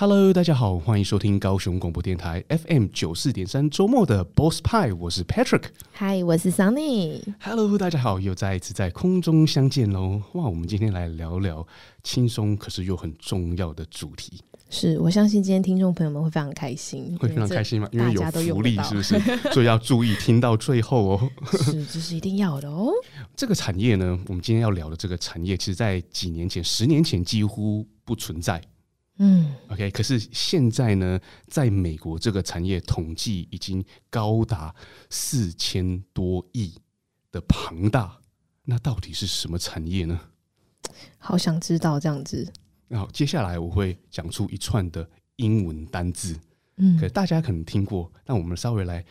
Hello，大家好，歡迎收聽高雄廣播電台 FM 九四點三週末的 Boss 派，我是 Patrick。Hi，我是 Sunny。Hello，大家好，又再一次在空中相見嘍。哇，我們今天來聊聊輕鬆可是又很重要的主題。是，我相信今天聽眾朋友們會非常開心，會非常開心嘛，因為有福利，是不是？ 所以要注意聽到最後哦， 是，這是一定要的哦。這個產業呢，我們今天要聊的這個產業，其實在幾年前、十年前幾乎不存在。嗯，OK，可是現在呢，在美國這個產業統計已經高達四千多億的龐大，那到底是什麼產業呢？好想知道這樣子。好，接下來我會講出一串的英文單字，嗯，可大家可能聽過，但我們稍微來，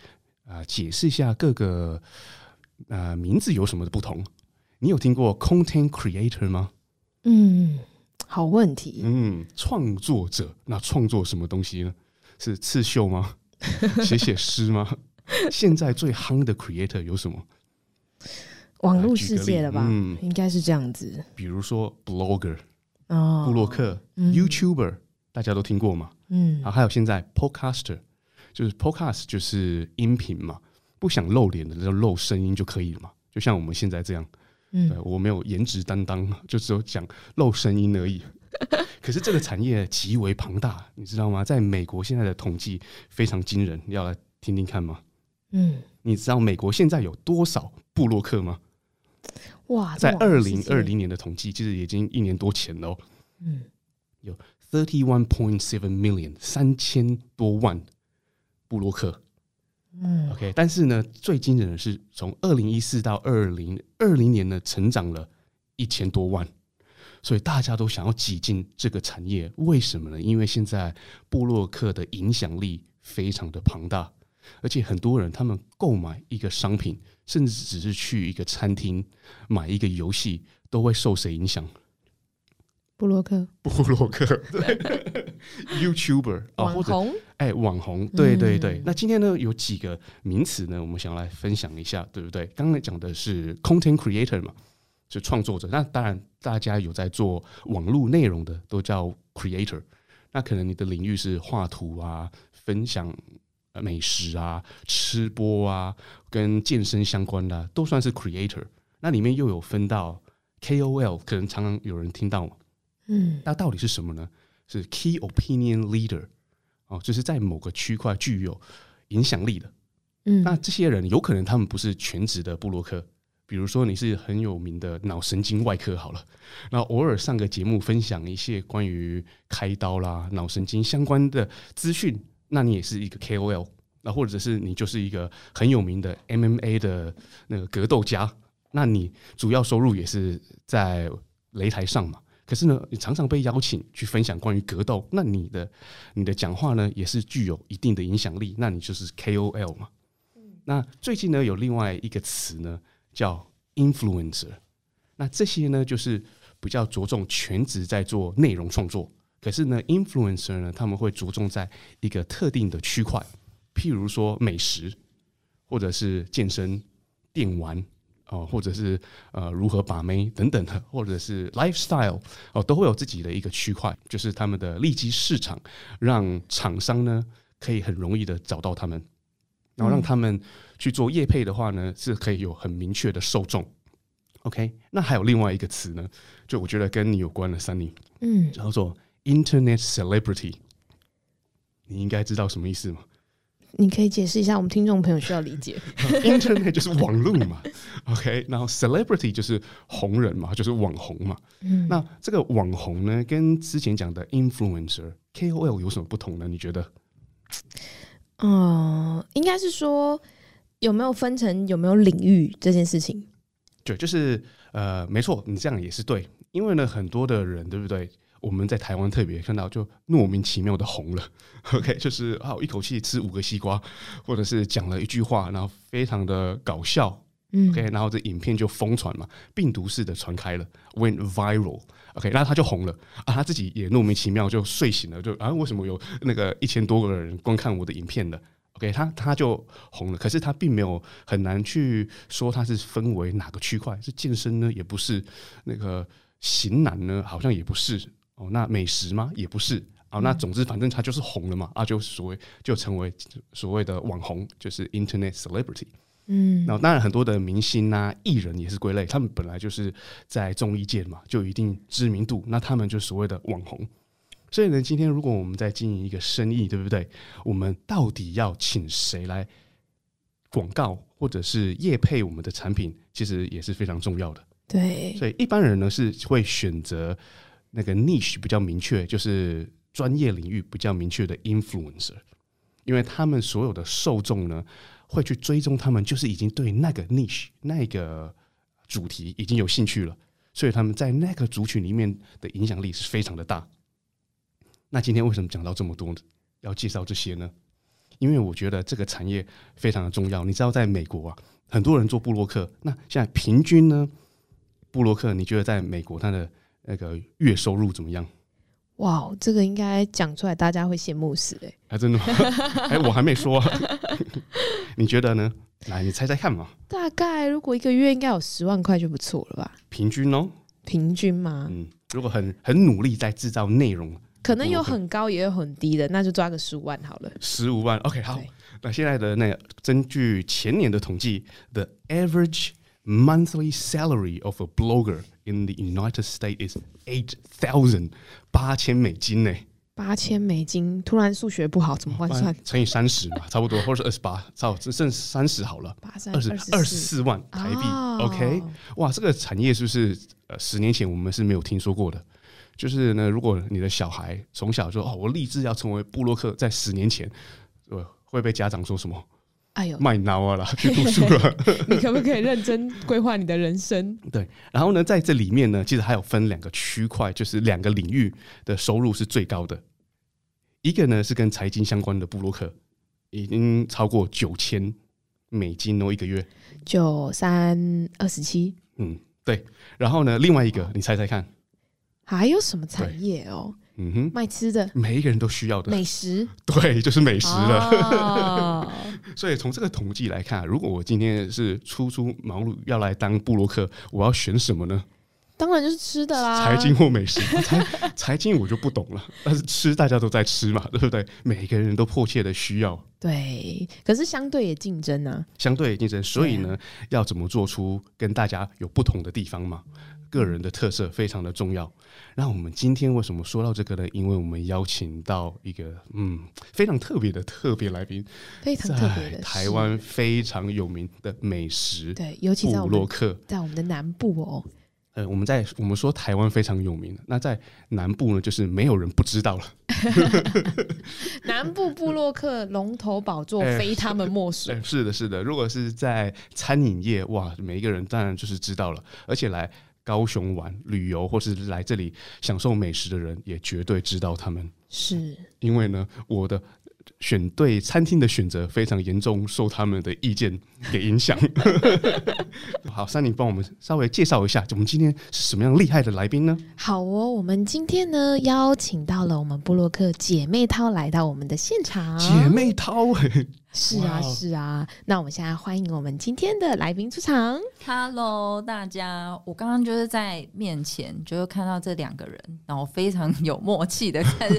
呃，解釋一下各個，呃，名字有什麼的不同。你有聽過 Content Creator 嗎？嗯。好問題。嗯，創作者，那創作什麼東西呢？是刺繡嗎？寫寫詩嗎？ 現在最夯的 creator 有什麼？網絡世界了吧，啊嗯、應該是這樣子。比如說，blogger，部落客，YouTuber，大家都聽過嘛。嗯，啊，還有現在 podcaster，就是 podcast 就是音頻嘛，不想露臉的，就露聲音就可以了嘛，就像我們現在這樣。嗯，對，我沒有顏值擔當，就只有講漏聲音而已。可是這個產業極為龐大， 你知道嗎？在美國現在的統計非常驚人，你要來聽聽看嗎？嗯，你知道美國現在有多少部落客嗎？哇，在二零二零年的統計，其實已經一年多前了。嗯，有 thirty one point seven million 三千多萬部落客。嗯，OK，但是呢，最驚人的是，從二零一四到二零二零年呢，成長了一千多萬，所以大家都想要擠進這個產業。為什麼呢？因為現在部落客的影響力非常的龐大，而且很多人他們購買一個商品，甚至只是去一個餐廳買一個遊戲，都會受誰影響？部落客，部落客，對 ，YouTuber、哦、網紅，哎、欸，網紅，對對對、嗯。那今天呢，有幾個名詞呢，我們想要來分享一下，對不對？剛才講的是 Content Creator 嘛，就創作者。那當然，大家有在做網絡內容的，都叫 Creator。那可能你的領域是畫圖啊，分享美食啊，吃播啊，跟健身相關的，啊，都算是 Creator。那裡面又有分到 KOL，可能常常有人聽到嘛。嗯，那到底是什麼呢？是 key opinion leader，哦，就是在某個區塊具有影響力的。嗯，那這些人有可能他們不是全職的部落客，比如說你是很有名的腦神經外科，好了，那偶爾上個節目分享一些關於開刀啦、腦神經相關的資訊，那你也是一個 KOL，那或者是你就是一個很有名的 MMA 的那個格鬥家，那你主要收入也是在擂台上嘛。可是呢，你常常被邀請去分享關於格鬥，那你的你的講話呢也是具有一定的影響力，那你就是 KOL 嘛。嗯。那最近呢，有另外一個詞呢叫 influencer，那這些呢就是比較着重全職在做內容創作。可是呢，influencer 呢他們會着重在一個特定的區塊，譬如說美食或者是健身、電玩。哦，或者是呃，如何把妹等等的，或者是 lifestyle，哦、呃，都會有自己的一個區塊，就是他們的利基市場，讓廠商呢可以很容易的找到他們，然後讓他們去做業配的話呢，是可以有很明確的受眾。OK，那還有另外一個詞呢，就我覺得跟你有關的，Sunny，嗯，叫做 Internet Celebrity，你應該知道什麼意思嗎？你可以解釋一下，我們聽眾朋友需要理解。 嗯、Internet 就是網路嘛 ，OK，然後 Celebrity 就是紅人嘛，就是網紅嘛。嗯、那這個網紅呢，跟之前講的 Influencer、KOL 有什麼不同呢？你覺得？嗯，應該是說有沒有分成有沒有領域這件事情。對，就是呃，沒錯，你這樣也是對，因為呢，很多的人，對不對？我們在台灣特別看到，就莫名其妙的紅了。OK，就是啊，我一口氣吃五個西瓜，或者是講了一句話，然後非常的搞笑。OK，嗯，然後這影片就瘋傳嘛，病毒式的傳開了，went viral。OK，那他就紅了啊，他自己也莫名其妙就睡醒了，就啊，為什麼有那個一千多個人觀看我的影片呢？OK，他他就紅了，可是他並沒有很難去說他是分為哪個區塊，是健身呢，也不是那個型男呢，好像也不是。哦，那美食嗎？也不是啊、哦。那總之，反正它就是紅了嘛。嗯、啊，就所謂就成為所謂的網紅，就是 Internet celebrity。嗯，那當然很多的明星啊、藝人也是歸類，他們本來就是在綜藝界的嘛，就一定知名度。那他們就所謂的網紅。所以呢，今天如果我們在經營一個生意，對不對？我們到底要請誰來廣告，或者是業配我們的產品，其實也是非常重要的。對，所以一般人呢是會選擇。那個 niche 比較明確，就是專業領域比較明確的 influencer，因為他們所有的受眾呢，會去追蹤他們，就是已經對那個 niche 那個主題已經有興趣了，所以他們在那個族群裡面的影響力是非常的大。那今天為什麼講到這麼多呢，要介紹這些呢？因為我覺得這個產業非常的重要。你知道，在美國啊，很多人做部落客，那現在平均呢，部落客，你覺得在美國它的？那個月收入怎麼樣？哇、wow，這個應該講出來，大家會羨慕死哎！還真的嗎？哎、 欸，我還沒說、啊， 你覺得呢？來，你猜猜看嘛。大概如果一個月應該有十萬塊就不錯了吧？平均哦。平均嗎？嗯，如果很很努力在製造內容，可能有很高，也有很低的，那就抓個十五萬好了。十五萬，OK，好。那現在的那個，根據前年的統計，the average monthly salary of a blogger。In the United States is eight thousand 八千美金呢，八千美金。突然數學不好，怎麼換算？嗯、乘以三十嘛， 差不多，或者二十八，差，只剩三十好了，八三二十二十四萬台幣。Oh. OK，哇，這個產業是不是呃十年前我們是沒有聽說過的？就是呢，如果你的小孩從小就哦，我立志要成為部落客，在十年前，會會被家長說什麼？賣、哎、腦了，去讀書了。 你可不可以認真規劃你的人生？ 對，然後呢，在這裡面呢，其實還有分兩個區塊，就是兩個領域的收入是最高的。一個呢是跟財經相關的部落客，部落客已經超過九千美金哦，一個月九三二十七。嗯，對。然後呢，另外一個，你猜猜看，還有什麼產業哦？嗯哼，賣吃的，每一個人都需要的美食，對，就是美食了。哦、 所以從這個統計來看、啊，如果我今天是初出茅廬要來當部落客，我要選什麼呢？當然就是吃的啦、啊，財經或美食。 啊、財財經我就不懂了， 但是吃大家都在吃嘛，對不對？每個人都迫切的需要。對，可是相對也競爭啊，相對也競爭，所以呢，要怎麼做出跟大家有不同的地方嘛？個人的特色非常的重要。那我們今天為什麼說到這個呢？因為我們邀請到一個嗯非常特別的特別來賓，非常特別的，特特的台灣非常有名的美食，對，尤其在我，在我們的南部哦。呃，我們在我們說台灣非常有名的，那在南部呢，就是沒有人不知道了。 南部部落客龍頭寶座非他們莫屬。欸，是的，是的。如果是在餐飲業，哇，每一個人當然就是知道了，而且來高雄玩旅遊或是來這裡享受美食的人，也絕對知道他們。是，因為呢，我的選對餐廳的選擇非常嚴重受他們的意見給影響。 好，珊妮幫我們稍微介紹一下，我們今天是什麼樣厲害的來賓呢？好哦，我們今天呢邀請到了我們部落客姐妹淘來到我們的現場。姐妹淘。 是啊、wow，是啊，那我們現在歡迎我們今天的來賓出場。Hello，大家，我剛剛就是在面前就是、看到這兩個人，然後非常有默契的在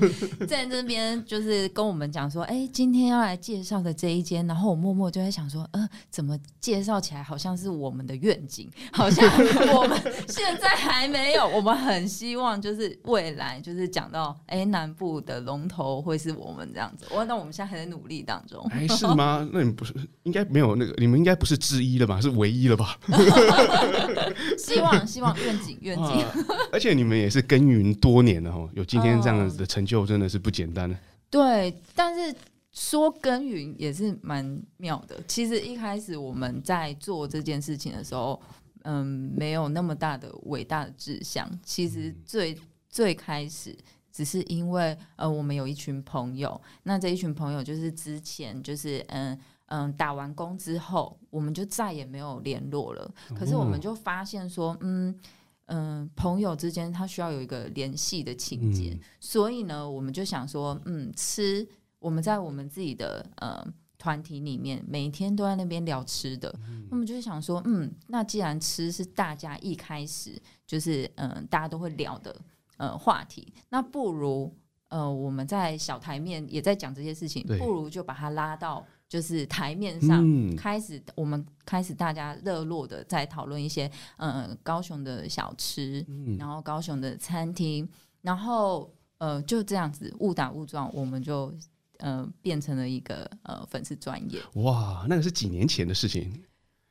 在這邊就是跟我們講說，哎、 欸，今天要來介紹的這一間，然後我默默就在想說，呃，怎麼介紹起來好像是我們的願景，好像我們現在還沒有， 我們很希望就是未來就是講到哎、欸，南部的龍頭會是我們這樣子。哇，那我們現在還在努力當中。 是嗎？那你不是應該沒有那個？你們應該不是之一了吧？是唯一了吧？ 希望希望願景願景、啊。而且你們也是耕耘多年了哈，有今天這樣子的成就，真的是不簡單的、嗯。對，但是說耕耘也是蠻妙的。其實一開始我們在做這件事情的時候，嗯，沒有那麼大的偉大的志向。其實最最開始。只是因為，呃，我們有一群朋友，那這一群朋友就是之前就是，嗯、呃、嗯、呃，打完工之後，我們就再也沒有聯絡了。可是我們就發現說，嗯嗯、呃，朋友之間他需要有一個聯繫的情節，嗯、所以呢，我們就想說，嗯，吃，我們在我們自己的呃團體裡面，每天都在那邊聊吃的，嗯、那麼就是想說，嗯，那既然吃是大家一開始就是，嗯、呃，大家都會聊的。呃，話題那不如呃，我們在小台面也在講這些事情，嗯、不如就把它拉到就是台面上，開始我們開始大家熱絡的在討論一些呃高雄的小吃，然後高雄的餐廳，嗯嗯然後呃就這樣子誤打誤撞，我們就呃變成了一個呃粉絲專頁。哇，那個是幾年前的事情，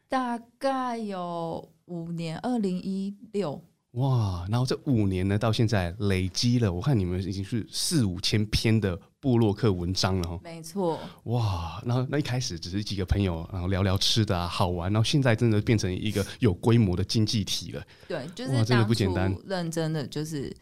大概有五年，二零一六。哇，然後這五年呢，到現在累積了，我看你們已經是四五千篇的部落客文章了哈、哦。沒錯，哇，然後那一開始只是幾個朋友，然後聊聊吃的啊、好玩，然後現在真的變成一個有規模的經濟體了。對，就是哇，真的不簡單，認真的就是。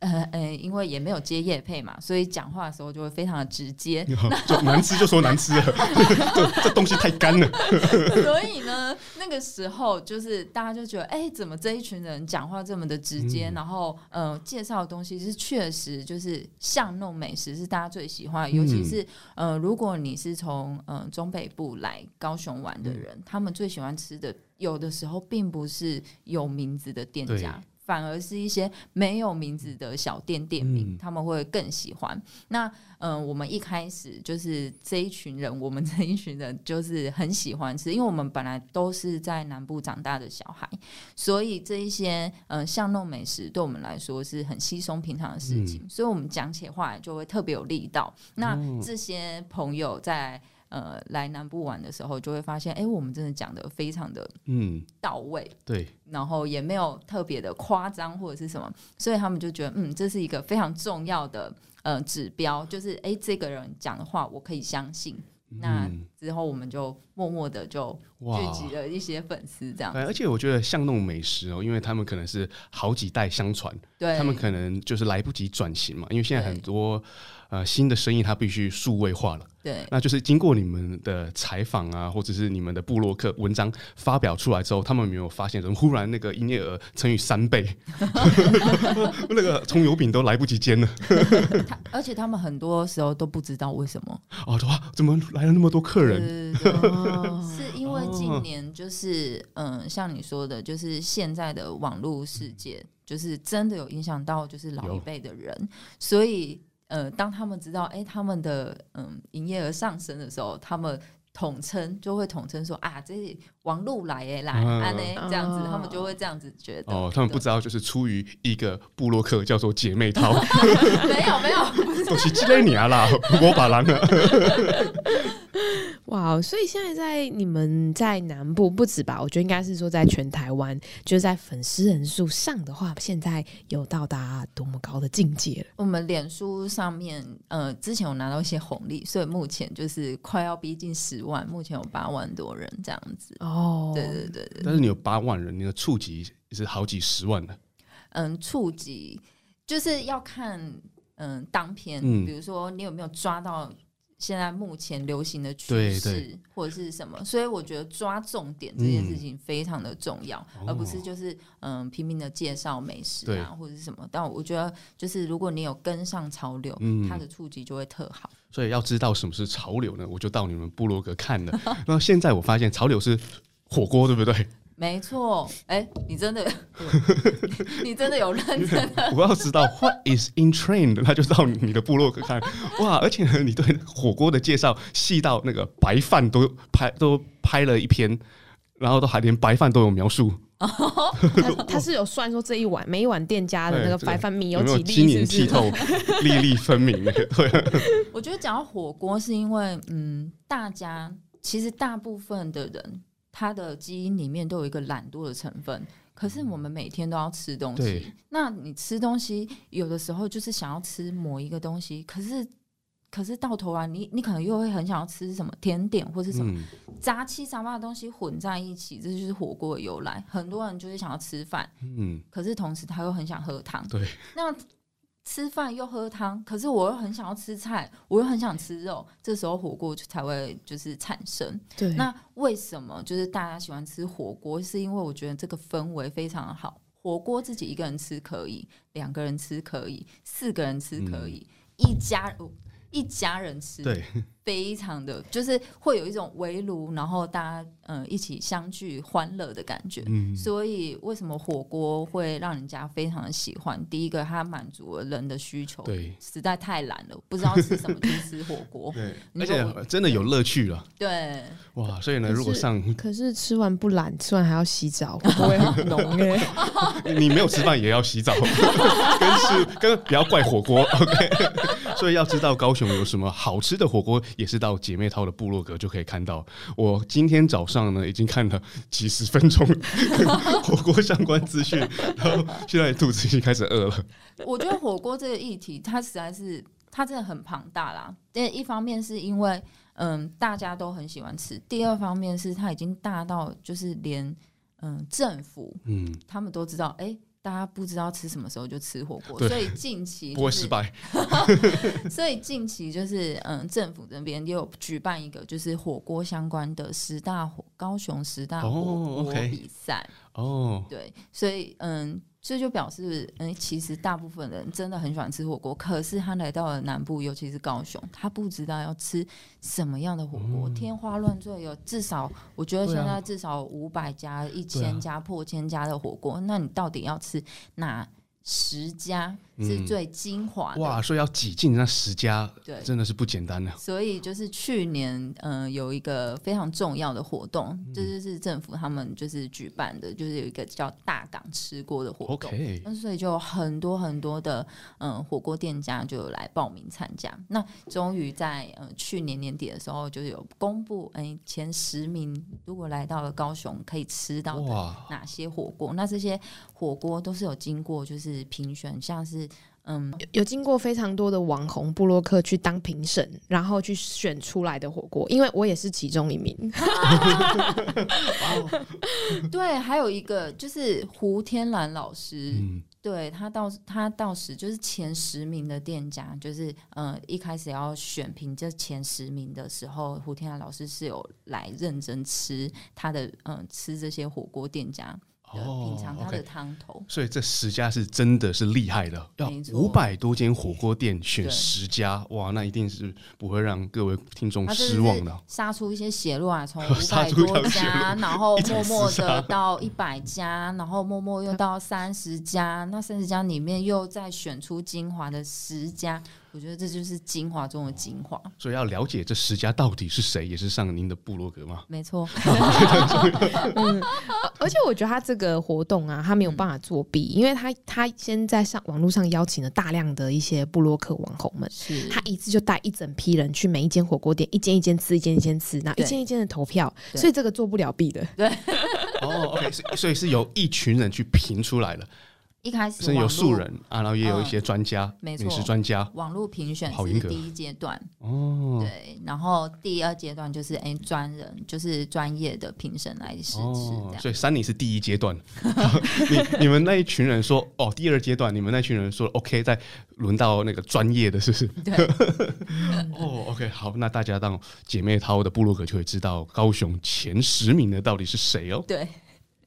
呃欸、因為也沒有接業配嘛，所以講話的時候就會非常的直接，嗯、 就難吃就說難吃了 這，這東西太乾了。 所以呢，那個時候就是大家就覺得，哎、欸，怎麼這一群人講話這麼的直接？嗯、然後，呃介紹的東西是確實就是巷弄美食是大家最喜歡、嗯，尤其是，呃如果你是從呃中北部來高雄玩的人、嗯，他們最喜歡吃的，有的時候並不是有名字的店家。反而是一些沒有名字的小店店名，嗯、他們會更喜歡。那嗯、呃，我們一開始就是這一群人，我們這一群人就是很喜歡吃，因為我們本來都是在南部長大的小孩，所以這一些嗯、呃、巷弄美食對我們來說是很稀鬆平常的事情，嗯、所以我們講起話來就會特別有力道。那這些朋友在，呃，來南部玩的時候，就會發現，哎、欸，我們真的講的非常的嗯到位嗯，對，然後也沒有特別的誇張或者是什麼，所以他們就覺得，嗯，這是一個非常重要的、呃、指標，就是哎、欸，這個人講的話我可以相信、嗯。那之後我們就默默的就聚集了一些粉絲這樣。而且我覺得像那種美食哦、喔，因為他們可能是好幾代相傳，對他們可能就是來不及轉型嘛，因為現在很多。呃，新的生意它必須數位化了。對，那就是經過你們的採訪啊，或者是你們的部落客文章發表出來之後，他們有沒有發現麼，人忽然那個營業額乘以三倍， 那個蔥油餅都來不及煎了 他。而且他們很多時候都不知道為什麼啊，怎麼來了那麼多客人？對對對 是因為近年就是、哦、嗯，像你說的，就是現在的網絡世界，就是真的有影響到就是老一輩的人，所以。呃，當他們知道，哎、欸，他們的嗯營業額上升的時候，他們統稱就會統稱說啊，這裡。王璐來誒，來安誒，這樣，這樣子，哦，他們就會這樣子覺得。哦，他們不知道，就是出於一個部落客叫做姐妹淘。 沒有沒有，都是針對你啊啦，我把人了。 哇，所以現在在你們在南部不止吧？我覺得應該是說在全台灣，就是在粉絲人數上的話，現在有到達多麼高的境界了？我們臉書上面，呃，之前有拿到一些紅利，所以目前就是快要逼近十萬，目前有八萬多人這樣子。哦哦，對，對對對，但是你有八萬人，你的觸及也是好幾十萬呢？嗯，觸及就是要看，嗯，當片、嗯，比如說你有沒有抓到現在目前流行的趨勢，對對，或者是什麼，所以我覺得抓重點這件事情非常的重要，嗯、而不是就是、哦、嗯拼命的介紹美食啊或者是什麼。但我覺得就是如果你有跟上潮流、嗯，它的觸及就會特好。所以要知道什麼是潮流呢？我就到你們部落格看了。 那現在我發現潮流是。火鍋，對不對？沒錯，哎、欸，你真的， 你真的有認真的。我要知道 what is in trend，那他就到你的部落格看哇！而且呢，你對火鍋的介紹細到那個白飯都拍都拍了一篇，然後都還連白飯都有描述 他。他是有算說這一碗每一碗店家的那個白飯米有幾粒，是不是？粒粒分明。我覺得講到火鍋，是因為嗯，大家其實大部分的人，他的基因裡面都有一個懶惰的成分，可是我們每天都要吃東西。對。那你吃東西有的時候就是想要吃某一個東西，可是可是到頭來你你可能又會很想要吃什麼甜點或者什麼、嗯、雜七雜八的東西混在一起，這就是火鍋的由來。很多人就是想要吃飯、嗯，可是同時他又很想喝湯，對，那吃飯又喝湯，可是我又很想要吃菜，我又很想吃肉，這時候火鍋才會就是產生。對，那為什麼就是大家喜歡吃火鍋？是因為我覺得這個氛圍非常好。火鍋自己一個人吃可以，兩個人吃可以，四個人吃可以，嗯、一家。一家人吃，對，非常的，就是會有一種圍爐，然後大家嗯、呃、一起相聚歡樂的感覺。嗯，所以為什麼火鍋會讓人家非常的喜歡？第一個，它滿足了人的需求，對，實在太懶了，不知道吃什麼去吃火鍋，對，而且真的有樂趣了，對，哇，所以呢，如果上可是吃完不懶，吃完還要洗澡，會不會很濃耶 你沒有吃飯也要洗澡， 跟吃跟不要怪火鍋 ，OK。所以要知道高雄有什麼好吃的火鍋，也是到姐妹淘的部落格就可以看到。我今天早上呢，已經看了幾十分鐘跟火鍋相關資訊， 然後現在肚子已經開始餓了。我覺得火鍋這個議題，它實在是它真的很龐大啦。因一方面是因為嗯大家都很喜歡吃，第二方面是它已經大到就是連嗯政府嗯他們都知道哎。欸大家不知道吃什麼時候就吃火鍋，所以近期不會失敗。所以近期就是不 期、就是、嗯，政府這邊也有舉辦一個就是火鍋相關的十大火高雄十大火鍋比賽哦。Oh, okay. Oh. 對，所以嗯。這就表示，嗯、欸，其實大部分人真的很喜歡吃火鍋，可是他來到了南部，尤其是高雄，他不知道要吃什麼樣的火鍋、嗯。天花亂墜，有至少，我覺得現在至少五百家、啊、一千家、破千家的火鍋、啊，那你到底要吃哪？十家、嗯、是最精華的哇，所以要擠進那十家，對，真的是不簡單的、啊。所以就是去年，嗯、呃，有一個非常重要的活動、嗯，就是政府他們就是舉辦的，就是有一個叫大港吃鍋的活動。OK，那所以就很多很多的嗯、呃、火鍋店家就來報名參加。那終於在嗯、呃、去年年底的時候，就有公布哎、欸、前十名，如果來到了高雄可以吃到的哪些火鍋。那這些火鍋都是有經過就是。評選像是嗯，有，有經過非常多的網紅部落客去當評審，然後去選出來的火鍋，因為我也是其中一名。啊 哦、對，還有一個就是胡天蘭老師，嗯、對他到他到時就是前十名的店家，就是嗯，一開始要選評這前十名的時候，胡天蘭老師是有來認真吃他的嗯，吃這些火鍋店家。品嘗它的湯頭，oh, okay. 所以這十家是真的是厲害的，沒錯。要五百多間火鍋店選十家，哇，那一定是不會讓各位聽眾失望的。殺出一些血路啊，從五百多家， 然後默默的到 一百家，然後默默又到三十家，那三十家裡面又再選出精華的十家。我覺得這就是精華中的精華。哦，所以要了解這十家到底是誰，也是上您的部落格嗎？沒錯、 嗯。而且我覺得他這個活動啊，他沒有辦法作弊，因為他他先在上網絡上邀請了大量的一些部落客網紅們是，他一次就帶一整批人去每一間火鍋店，一間一間吃，一間一間吃，那一間一間的投票，所以這個做不了弊的。對。哦、oh，OK，所以，所以是由一群人去評出來了。一開始是有素人，嗯、啊，然後也有一些專家，美食專家。網絡評選是第一階段哦、啊，對。然後第二階段就是哎，專、欸、人就是專業的評審來試吃，哦。所以三名是第一階段， 你你們那一群人說哦，第二階段你們那群人說 OK，再輪到那個專業的，是不是？對。 哦，OK，好，那大家當姐妹淘的部落格就會知道高雄前十名的到底是誰哦。對，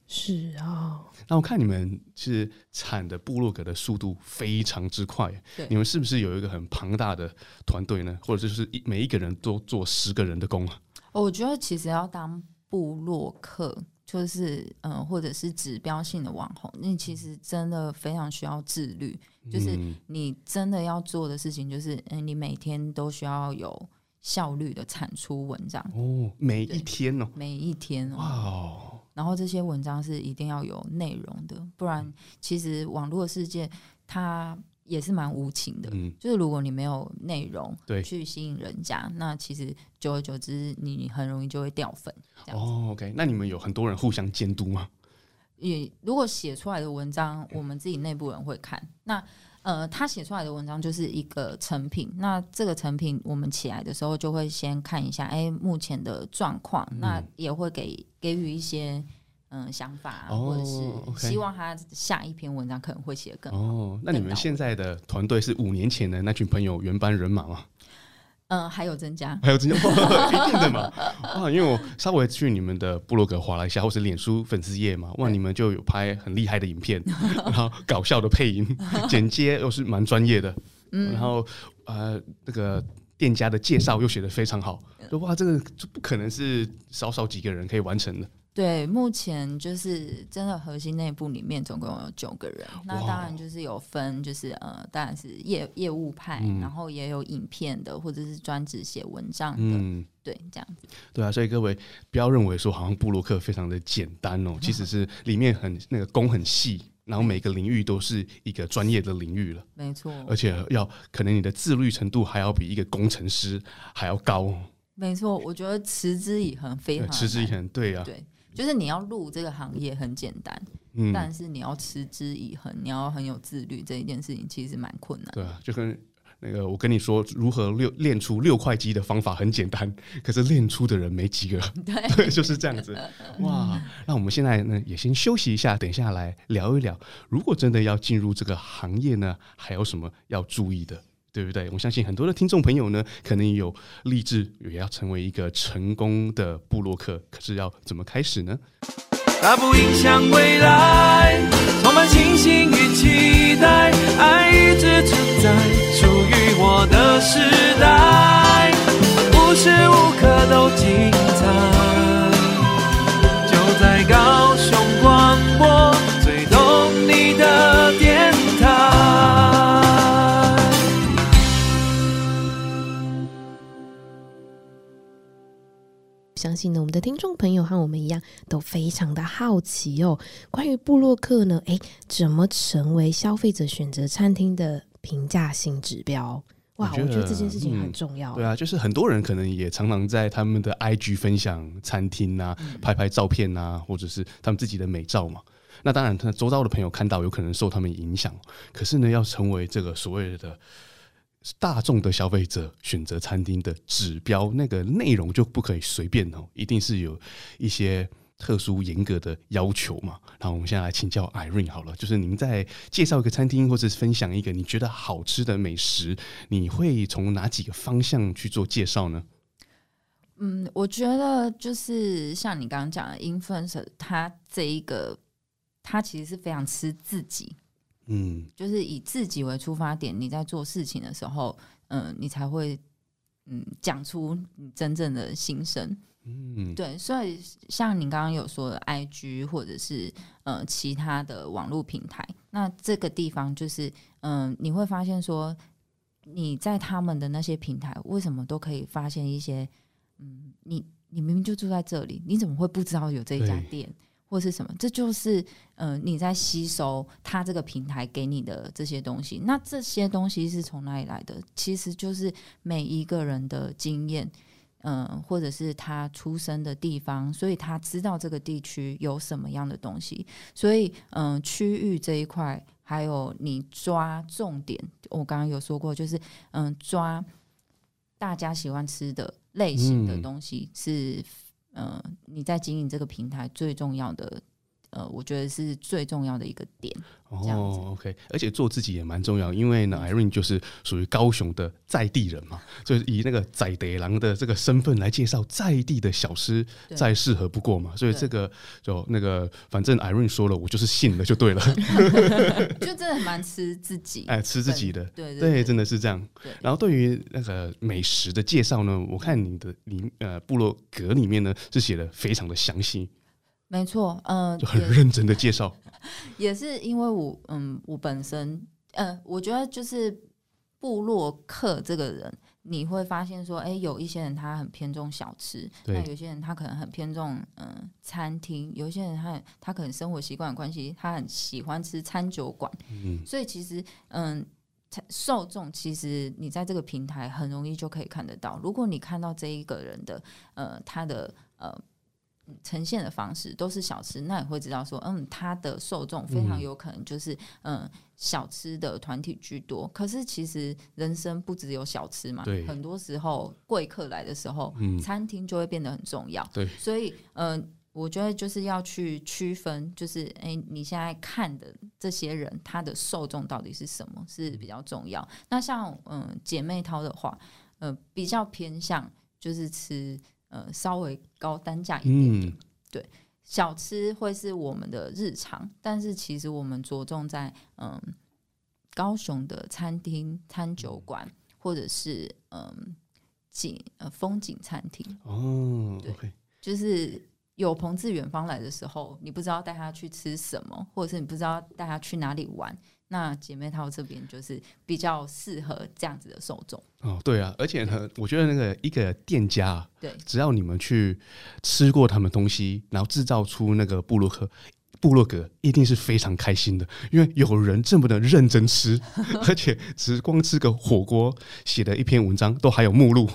是啊、哦。那我看你們是產的部落格的速度非常之快，你們是不是有一個很龐大的團隊呢？或者就是一每一個人都做十個人的工啊、哦？我覺得其實要當部落客，就是嗯、呃，或者是指標性的網紅，你其實真的非常需要自律。就是你真的要做的事情，就是嗯，嗯，你每天都需要有效率的產出文章哦，每一天哦，每一天哦。然後這些文章是一定要有內容的，不然其實網絡的世界它也是蠻無情的，嗯，就是如果你沒有內容，對，去吸引人家，那其實久而久之你很容易就會掉粉。哦，oh，OK，那你們有很多人互相監督嗎？也，如果寫出來的文章，我們自己內部人會看。那。呃，他寫出來的文章就是一個成品。那這個成品，我們起來的時候就會先看一下，哎、欸，目前的狀況、嗯，那也會給給予一些嗯、呃、想法、啊哦，或者是希望他下一篇文章可能會寫得更好。哦。那你們現在的團隊是五年前的那群朋友原班人馬嗎？嗯、呃，還有增加，還有增加，一定、欸、的嘛？哇，因為我稍微去你們的部落格滑了一下，或是臉書粉絲頁嘛，哇，你們就有拍很厲害的影片、嗯，然後搞笑的配音，剪接又是蠻專業的，嗯、然後呃，那個店家的介紹又寫得非常好，說哇，這個就不可能是少少幾個人可以完成的。對，目前就是真的核心內部裡面總共有九個人，那當然就是有分，就是呃，當然是業業務派，嗯，然後也有影片的，或者是專職寫文章的，嗯，對，這樣子。對啊，所以各位不要認為說好像布洛克非常的簡單哦，喔，其，嗯，實是裡面很那個工很細，然後每個領域都是一個專業的領域了，沒錯，而且要可能你的自律程度還要比一個工程師還要高。沒錯，我覺得持之以恆非常，持之以恆，對啊，對就是你要入這個行業很簡單，嗯、但是你要持之以恆，你要很有自律，這一件事情其實蠻困難的。對啊，就跟那個我跟你說如何六練出六塊肌的方法很簡單，可是練出的人沒幾個。對， 就是這樣子。哇，嗯、那我們現在呢也先休息一下，等一下來聊一聊。如果真的要進入這個行業呢，還有什麼要注意的？對不對？我相信很多的聽眾朋友呢，可能也有立志，也要成為一個成功的部落客，可是要怎麼開始呢？大步迎向未來充滿信心與期待，愛一直存在，屬於我的時代，無時無刻都精彩我們的聽眾朋友和我們一樣都非常的好奇哦，關於部落客呢，哎、欸，怎麼成為消費者選擇餐廳的評價性指標？哇，我覺得，我覺得這件事情很重要，啊嗯。對啊，就是很多人可能也常常在他們的 IG 分享餐廳啊、嗯、拍拍照片啊，或者是他們自己的美照嘛。那當然，他周遭的朋友看到，有可能受他們影響。可是呢，要成為這個所謂的，的。大眾的消費者選擇餐廳的指標，那個內容就不可以隨便哦、喔，一定是有一些特殊嚴格的要求嘛。然後我們現在來請教 Irene 好了，就是你在介紹一個餐廳或者分享一個你覺得好吃的美食，你會從哪幾個方向去做介紹呢？嗯，我覺得就是像你剛剛講的 influencer，他這一個他其實是非常吃自己。嗯，就是以自己為出發點，你在做事情的時候，嗯、呃，你才會，嗯，講出你真正的心聲。嗯，對，所以像你剛剛有說的，IG 或者是呃其他的網絡平台，那這個地方就是，嗯、呃，你會發現說你在他們的那些平台，為什麼都可以發現一些，嗯，你你明明就住在這裡，你怎麼會不知道有這一家店？或是什麼，這就是嗯、呃，你在吸收他這個平台給你的這些東西。那這些東西是從哪裡來的？其實就是每一個人的經驗，嗯、呃，或者是他出生的地方，所以他知道這個地區有什麼樣的東西。所以嗯、呃，區域這一塊，還有你抓重點，我剛剛有說過，就是嗯、呃，抓大家喜歡吃的類型的東西是。嗯，呃，你在經營這個平台最重要的。呃，我覺得是最重要的一個點。哦，OK，而且做自己也蠻重要，因為呢、嗯、，Irene 就是屬於高雄的在地人嘛，所以以那個在地郎的這個身份來介紹在地的小吃，再適合不過嘛。所以這個就那個，反正 Irene 說了，我就是信了，就對了。 就真的蠻吃自己，哎、欸，吃自己的，對對，對，對，對，真的是這樣。然後對於那個美食的介紹呢，我看你的裡呃部落格裡面呢是寫的非常的詳細。沒錯，嗯、呃，就很認真的介紹，也是因為我，嗯，我本身，嗯、呃，我覺得就是部落客這個人，你會發現說，哎、欸，有一些人他很偏重小吃，那有些人他可能很偏重嗯、呃、餐廳，有些人他他可能生活習慣關係，他很喜歡吃餐酒館，嗯，所以其實嗯、呃、受眾其實你在這個平台很容易就可以看得到，如果你看到這一個人的，呃、他的，呃呈現的方式都是小吃，那你會知道說，嗯，它的受眾非常有可能就是嗯、呃，小吃的團體居多。可是其實人生不只有小吃嘛，對，很多時候貴客來的時候，嗯、餐廳就會變得很重要。對，所以嗯、呃，我覺得就是要去區分，就是哎、欸，你現在看的這些人，他的受眾到底是什麼是比較重要？那像嗯、呃，姐妹淘的話，嗯、呃，比較偏向就是吃。呃，稍微高單價一點點，嗯、對，小吃會是我們的日常，但是其實我們着重在嗯，高雄的餐廳、餐酒館，或者是嗯景、呃、風景餐廳哦，對，okay、就是有朋自遠方來的時候，你不知道帶他去吃什麼，或者是你不知道帶他去哪裡玩。那姐妹淘這邊就是比較適合這樣子的受眾哦，對啊，而且呢，我覺得那個一個店家，對，只要你們去吃過他們東西，然後製造出那個布魯克。部落格一定是非常開心的，因為有人這麼的認真吃， 而且只光吃個火鍋寫的一篇文章都還有目錄，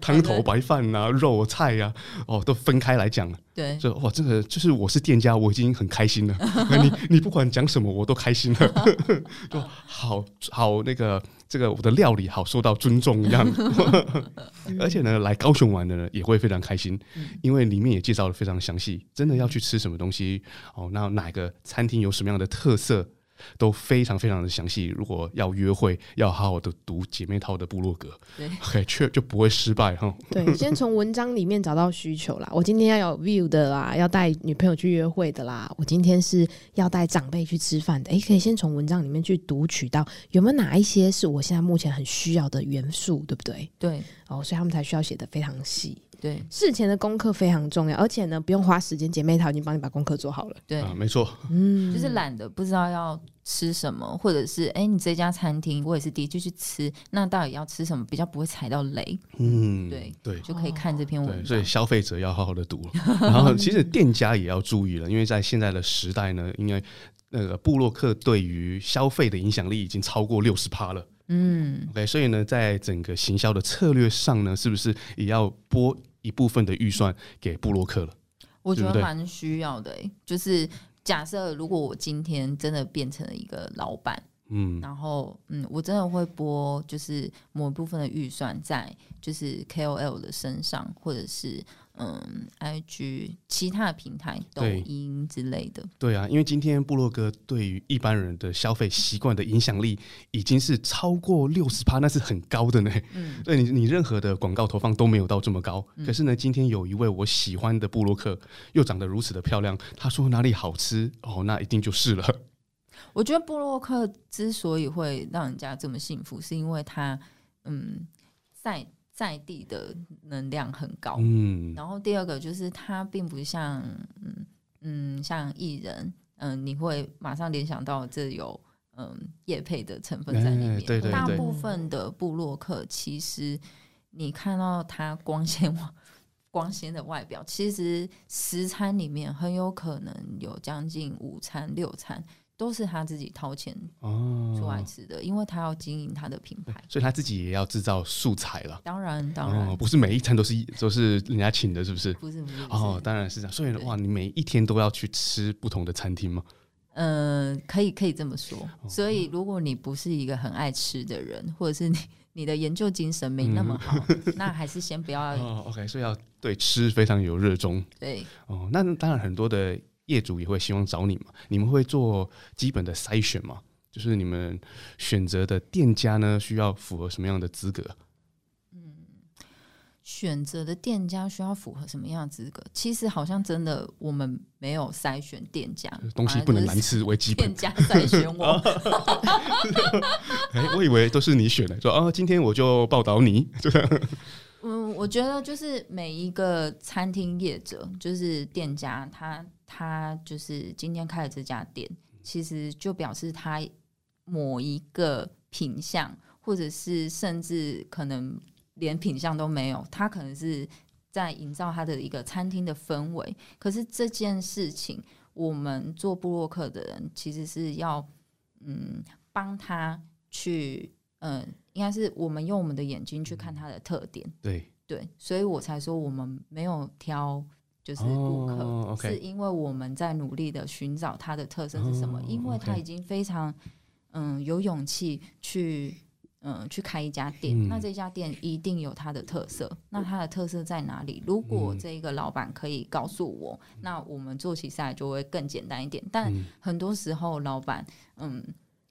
湯 頭白、啊、白飯啊、肉菜呀、啊，哦，都分開來講了。對，所以哇，這個就是我是店家，我已經很開心了。 啊、你你不管講什麼，我都開心了， 就好好那個。這個我的料理好受到尊重一樣， 而且呢，來高雄玩的呢也會非常開心， 因為裡面也介紹的非常詳細，真的要去吃什麼東西哦，那哪個餐廳有什麼樣的特色。都非常非常的詳細。如果要約會，要好好的讀姐妹淘的部落格，對、卻、OK, 就不會失敗哈。對，呵呵先從文章裡面找到需求啦。我今天要有 view 的啦，要帶女朋友去約會的啦。我今天是要帶長輩去吃飯的，誒、欸，可以先從文章裡面去讀取到有沒有哪一些是我現在目前很需要的元素，對不對？對，哦，所以他們才需要寫得非常細。對事前的功課非常重要，而且呢，不用花時間，姐妹淘已經幫你把功課做好了。對，啊、沒錯，嗯，就是懶得不知道要吃什麼，或者是哎、欸，你這家餐廳我也是第一句去吃，那到底要吃什麼比較不會踩到雷？嗯，對對、哦，就可以看這篇文章，所以消費者要好好的讀，然後其實店家也要注意了，因為在現在的時代呢，因為那個部落客對於消費的影響力已經超過六十趴了，嗯 o、okay, 所以呢，在整個行銷的策略上呢，是不是也要播一部分的預算給部落客了，嗯、我覺得蠻需要的、欸。就是假設如果我今天真的變成了一個老闆，嗯，然後嗯，我真的會撥就是某一部分的預算在就是 KOL 的身上，或者是。嗯，I G 其他的平台、抖音之類的對。對啊，因為今天部落客對於一般人的消費習慣的影響力已經是超過六十趴，那是很高的呢。嗯，所以你你任何的廣告投放都沒有到這麼高。可是呢，今天有一位我喜歡的部落客又長得如此的漂亮，他說哪裡好吃哦，那一定就是了。我覺得部落客之所以會讓人家這麼幸福，是因為他嗯在。在地的能量很高，嗯，然後第二個就是它並不像，嗯像藝人，嗯、呃，你會馬上聯想到這有嗯業、呃、配的成分在裡面、哎。對對對。大部分的部落客其實你看到它光鮮光鮮的外表，其實十餐裡面很有可能有將近五餐六餐。都是他自己掏錢出來吃的，哦、因為他要經營他的品牌，所以他自己也要製造素材了。當然，當然、哦，不是每一餐都是都是人家請的是是，是 不是？不是，不是哦，當然是這樣。所以的話，你每一天都要去吃不同的餐廳嗎？嗯、呃，可以，可以這麼說。哦、所以，如果你不是一個很愛吃的人，或者是你你的研究精神沒那麼好，嗯、 那還是先不要、哦。OK，所以要對吃非常有熱衷。對哦，那當然很多的。業主也會希望找你嘛。你們會做基本的篩選嗎？就是你們選擇的店家呢，需要符合什麼樣的資格？嗯，選擇的店家需要符合什麼樣的資格？其實好像真的，我們沒有篩選店家，東西不能難吃為基本。店家篩選我、 哦 哎，我以為都是你選的，說啊、哦，今天我就報道你，就這樣。嗯，我覺得就是每一個餐廳業者，就是店家，他。他就是今天開的這家店，其實就表示他某一個品項，或者是甚至可能連品項都沒有，他可能是在營造他的一個餐廳的氛圍。可是這件事情，我們做部落客的人其實是要嗯幫他去嗯、呃，應該是我們用我們的眼睛去看他的特點，對對，所以我才說我們沒有挑。就是顧客，oh, okay. 是因為我們在努力的尋找他的特色是什麼，oh, okay. 因為他已經非常嗯有勇氣去嗯去開一家店，嗯，那這家店一定有它的特色，那它的特色在哪裡？如果這個老闆可以告訴我，嗯，那我們做起來就會更簡單一點。嗯，但很多時候老闆嗯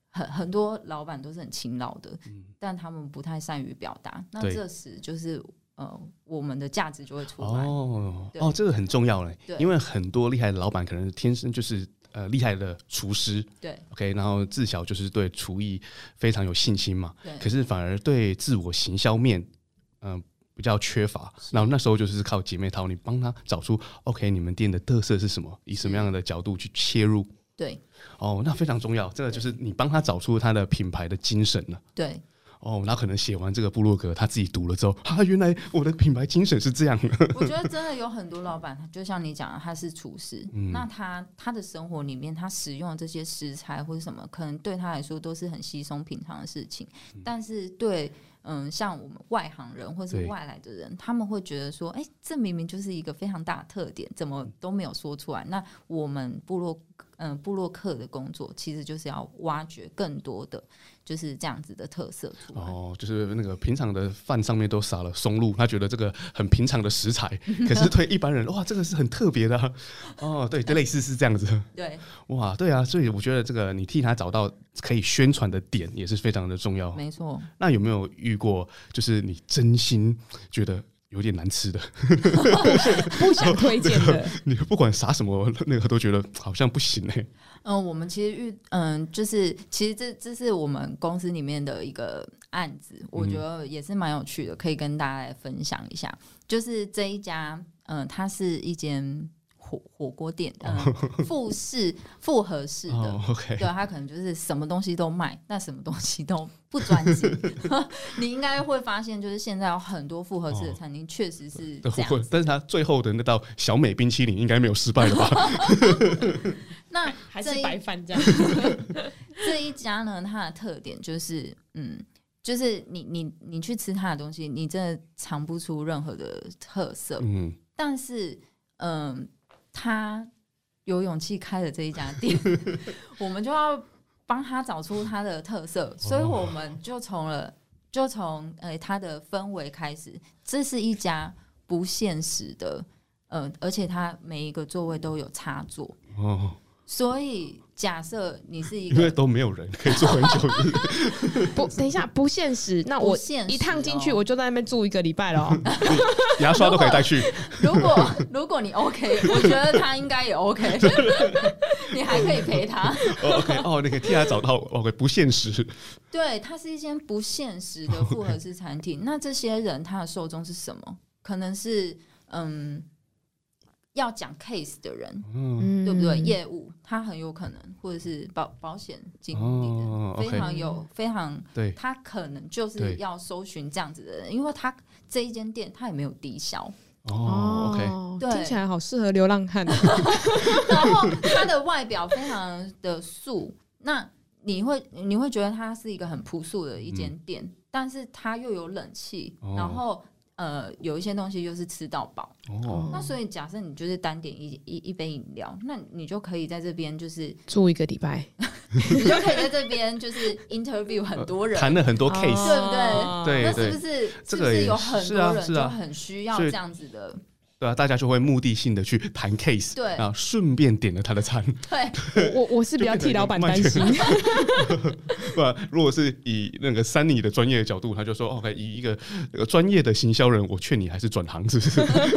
很很多老闆都是很勤勞的，嗯，但他們不太善於表達，嗯，那這時就是。呃、我們的價值就會出來哦，哦，這個很重要嘞，因為很多厲害的老闆可能天生就是呃厲害的廚師，對，OK，然後自小就是對廚藝非常有信心嘛，對，可是反而對自我行銷面，嗯、呃，比較缺乏，然後那時候就是靠姐妹淘，你幫他找出 OK，你們店的特色是什麼？以什麼樣的角度去切入，對，哦，那非常重要，這個就是你幫他找出他的品牌的精神了，對。哦，那可能寫完這個部落格，他自己讀了之後，啊，原來我的品牌精神是這樣的。我覺得真的有很多老闆，就像你講的，他是廚師，嗯、那他他的生活裡面，他使用這些食材或者什麼，可能對他來說都是很稀鬆平常的事情。嗯、但是對，嗯，像我們外行人或是外來的人，他們會覺得說，哎、欸，這明明就是一個非常大的特點，怎麼都沒有說出來？那我們部落嗯部落客的工作，其實就是要挖掘更多的。就是這樣子的特色哦，就是那個平常的飯上面都撒了松露，他覺得這個很平常的食材， 可是對一般人哇，這個是很特別的啊，哦，對，類似是這樣子，對，哇，對啊，所以我覺得這個你替他找到可以宣傳的點也是非常的重要，沒錯。那有沒有遇過，就是你真心覺得？有點難吃的， 不想推薦的、 那個， 你不管啥什麼那個都覺得好像不行呢？嗯，我們其實遇嗯、呃，就是其實這這是我們公司裡面的一個案子，我覺得也是蠻有趣的，可以跟大家來分享一下。就是這一家，嗯、呃，它是一間，火火鍋店的、啊 oh, 複式 複合式的，oh, okay. 對，他可能就是什麼東西都賣，那什麼東西都不專精。 你應該會發現，就是現在有很多複合式的餐廳確實是這樣，但是他最後的那道小美冰淇淋應該沒有失敗了吧？ 那還是白飯這樣子。 這一家呢，它的特點就是，嗯，就是你你你去吃他的東西，你真的嘗不出任何的特色。嗯，但是，嗯、呃。他有勇氣開了這一家店， 我們就要幫他找出他的特色， 所以我們就從了，就從呃他的氛圍開始。這是一家不現實的，呃，而且他每一個座位都有插座 所以，假設你是一個，因為都沒有人可以做很久。 不，等一下，不現實。那我一趟進去，我就在那邊住一個禮拜了、哦。牙刷都可以帶去。如果如果你 OK， 我覺得他應該也 OK。 你還可以陪他。 oh, OK，哦、oh,，你可以替他找到。Oh, OK，不現實。對，它是一間不現實的複合式餐廳。Okay. 那這些人他的受眾是什麼？可能是嗯。要講 case 的人，嗯，對不對？業務他很有可能，或者是保保險經理，非常有、哦、okay, 非常，他可能就是要搜尋這樣子的人，因為他這一間店他也沒有低消哦。Okay, 對，聽起來好適合流浪漢啊。 然後他的外表非常的素， 那你會你會覺得他是一個很樸素的一間店，嗯，但是他又有冷氣哦，然後。呃，有一些東西就是吃到飽哦。那所以假設你就是單點一一一杯飲料，那你就可以在這邊就是住一個禮拜， 你就可以在這邊就是 interview 很多人，呃、談了很多 case，哦、對不對？對，那是不是是不是有很多人就很需要這樣子的？對啊，大家就會目的性的去談 case，對，然後順便點了他的餐。對， 對我我是比較替老板擔心。對，如果是以那個 Sunny 的專業角度，他就說：“OK，以一個專業的行銷人，我勸你還是轉行子。”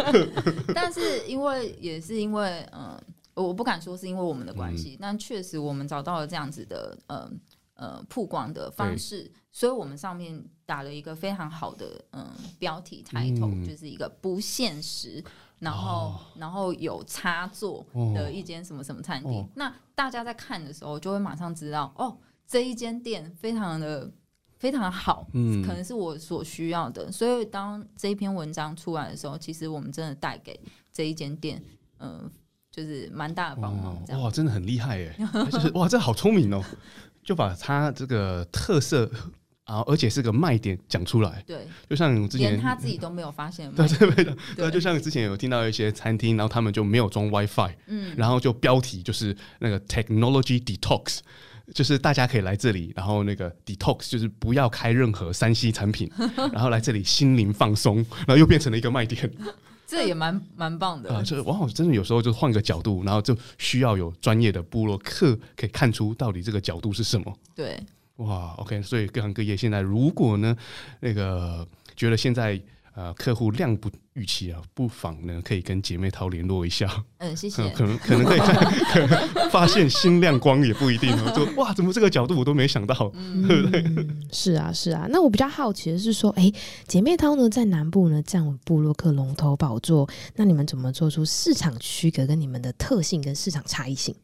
但是因為也是因為嗯、呃，我不敢說是因為我們的關係、嗯，但確實我們找到了這樣子的呃呃曝光的方式，所以我們上面。打了一個非常好的嗯標題抬頭、嗯、就是一個不現實，然後、哦、然後有插座的一間什麼什麼餐廳、哦，那大家在看的時候就會馬上知道哦，哦，這一間店非常的非常的好，嗯，可能是我所需要的，所以當這一篇文章出來的時候，其實我們真的帶給這一間店，嗯，就是蠻大的幫忙、哦，哇，真的很厲害耶！ 就是哇，這好聰明哦，就把它這個特色。然後，而且是個賣點，講出來。對，就像我之前連他自己都沒有發現。對對對，對，對，對，對，就像我之前有聽到一些餐廳，然後他們就沒有裝 WiFi，嗯，然後就標題就是那個 Technology Detox，就是大家可以來這裡，然後那個 Detox 就是不要開任何 3C 產品， 然後來這裡心靈放鬆，然後又變成了一個賣點。 這也蠻蠻、嗯、棒的、呃、就是哇，真的有時候就換個角度，然後就需要有專業的部落客可以看出到底這個角度是什麼。對。哇，OK，所以各行各業現在如果呢，那個覺得現在呃客戶量不預期啊，不妨呢可以跟姐妹淘聯絡一下。嗯，謝謝。嗯、可能可能可以看 可能發現新亮光也不一定哦，就哇，怎麼這個角度我都沒想到， 嗯、對不對？是啊，是啊。那我比較好奇的是說，誒、欸，姐妹淘呢在南部呢占我部落客龍頭寶座，那你們怎麼做出市場區隔跟你們的特性跟市場差異性？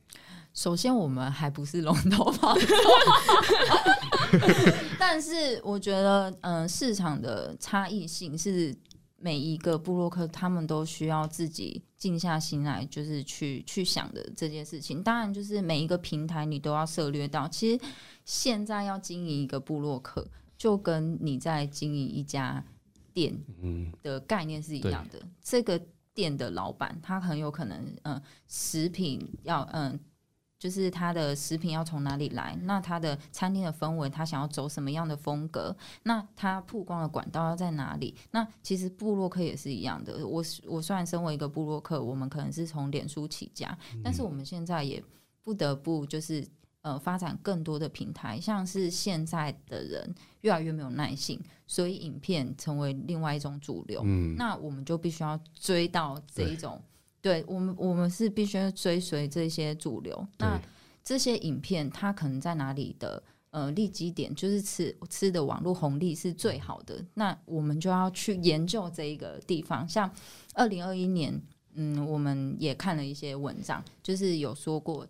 首先，我們還不是龍頭的 但是我覺得，嗯、呃，市場的差異性是每一個部落客他們都需要自己靜下心來，就是去去想的這件事情。當然，就是每一個平台你都要涉獵到。其實，現在要經營一個部落客，就跟你在經營一家店，嗯，的概念是一樣的。嗯、這個店的老闆，他很有可能，嗯、呃，食品要，嗯、呃。就是他的食品要從哪裡來？那他的餐廳的氛圍，他想要走什麼樣的風格？那他曝光的管道要在哪裡？那其實部落客也是一樣的。我我雖然身為一個部落客，我們可能是從臉書起家，但是我們現在也不得不就是呃發展更多的平台。像是現在的人越來越沒有耐性，所以影片成為另外一種主流。嗯，那我們就必須要追到這一種。對我們，我們是必須追隨這些主流。那這些影片，它可能在哪裡的呃利基點，就是吃吃的網絡紅利是最好的。那我們就要去研究這一個地方。像二零二一年，嗯，我們也看了一些文章，就是有說過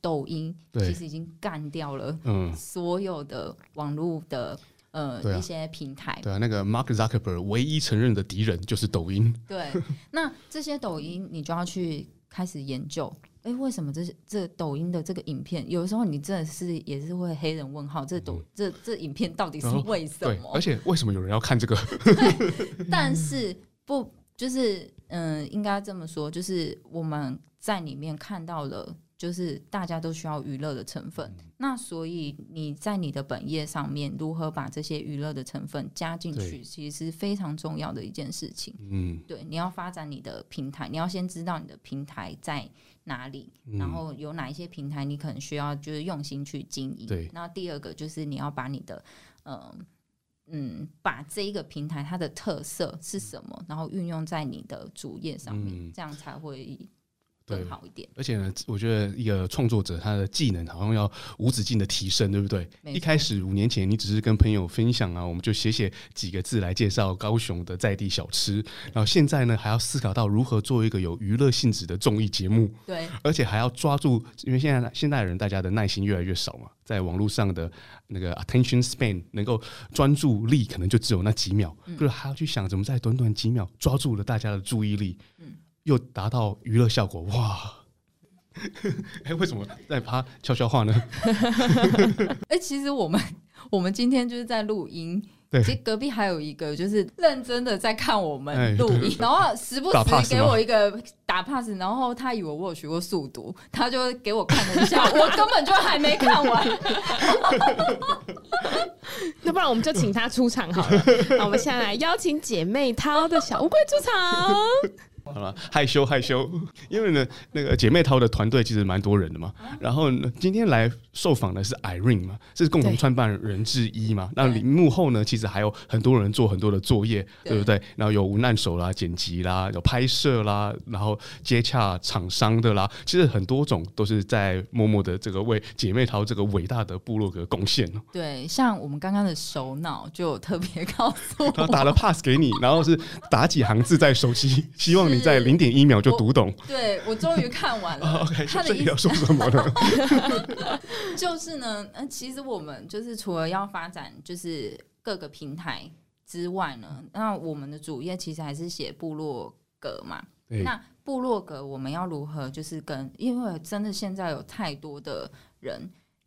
抖音其實已經幹掉了所有的網絡的。呃、啊，一些平台對啊，那個 Mark Zuckerberg 唯一承認的敵人就是抖音。對， 那這些抖音你就要去開始研究。哎、欸，為什麼這些這抖音的這個影片，有時候你真的是也是會黑人問號？這抖、嗯、這這影片到底是為什麼、哦？而且為什麼有人要看這個？ 對，但是不，就是嗯、呃，應該這麼說，就是我們在裡面看到了。就是大家都需要娛樂的成分、嗯，那所以你在你的本業上面如何把這些娛樂的成分加進去，其實是非常重要的一件事情。嗯，對，你要發展你的平台，你要先知道你的平台在哪裡，嗯、然後有哪一些平台你可能需要就是用心去經營。那第二個就是你要把你的，嗯、呃、嗯，把這一個平台它的特色是什麼，嗯、然後運用在你的主頁上面、嗯，這樣才會。更好一點，對，而且呢，我覺得一個創作者他的技能好像要無止境的提升，對不對？一開始五年前你只是跟朋友分享啊，我們就寫寫幾個字來介紹高雄的在地小吃，然後現在呢，還要思考到如何做一個有娛樂性質的綜藝節目。對，而且還要抓住，因為現在現代人大家的耐心越來越少嘛，在網絡上的那個 attention span 能夠專注力可能就只有那幾秒，嗯、就是還要去想怎麼在短短幾秒抓住了大家的注意力。嗯又達到娛樂效果哇！哎、欸，為什麼在趴悄悄話呢？哎、 欸，其實我們我們今天就是在錄音對，其實隔壁還有一個就是認真的在看我們錄音，欸對對對，然後時不時給我一個打 pass，打 pass 然後他以為我有學過速讀，他就給我看了一下， 我根本就還沒看完。要 不然我們就請他出場好了。 那我們現在來邀請姐妹淘的小烏龜出場。好了，害羞害羞，因為呢，那個姐妹淘的團隊其實蠻多人的嘛。啊、然後呢今天來受訪的是 Irene 嘛，是共同創辦人之一嘛。那臨幕後呢，其實還有很多人做很多的作業，對，對不對？然後有文案手啦、剪輯啦、有拍攝啦，然後接洽廠商的啦，其實很多種都是在默默的這個為姐妹淘這個偉大的部落格貢獻、喔。對，像我們剛剛的首腦就有特別告訴我，打了 pass 給你，然後是打幾行字在手機，希望你。在零點一秒就讀懂，對，我終於看完了。Oh, okay, 他的意思說什麼呢？ 就是呢，其實我們就是除了要發展，就是各個平台之外呢，那我們的主頁其實還是寫部落格嘛，對。那部落格我們要如何就是跟？因為真的現在有太多的人，